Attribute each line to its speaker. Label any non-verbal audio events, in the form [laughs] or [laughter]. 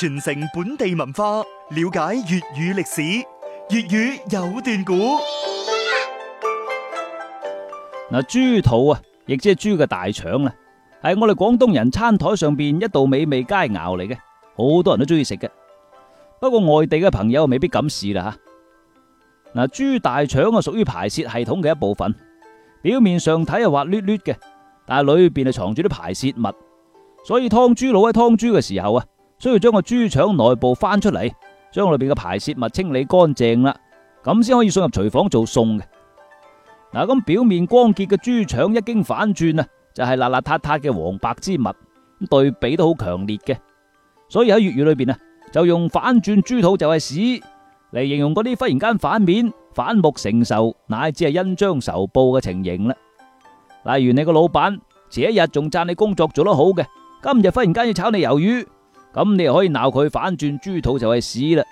Speaker 1: 傳承本地文化，了解粵語歷史，粵語有段古
Speaker 2: 嗱。 [laughs] 豬肚
Speaker 3: 啊，亦即係豬嘅大腸啦，係我哋廣東人餐台上邊一道美味佳肴嚟嘅，好多人都中意食嘅。不過外地嘅朋友未必敢試啦吓。嗱、啊，豬大腸啊，屬於排泄系統嘅一部分。表面上睇係滑捋捋嘅，但係裏邊係藏住啲排泄物，所以劏豬佬喺劏豬嘅時候啊。需要將個豬腸內部翻出嚟，將裏邊嘅排泄物清理乾淨啦，咁先可以送入廚房做餸嘅。嗱、啊，咁表面光潔嘅豬腸一經反轉啊，就係邋邋遢遢嘅黃白之物，對比都好強烈嘅。所以喺粵語裏邊啊，就用反轉豬肚就係屎嚟形容嗰啲忽然間反面、反目成仇，乃至係恩將仇報嘅情形啦。例如你個老板前一日仲讚你工作做得好嘅，今日忽然間要炒你魷魚。咁你又可以鬧佢，反轉豬肚就係屎啦！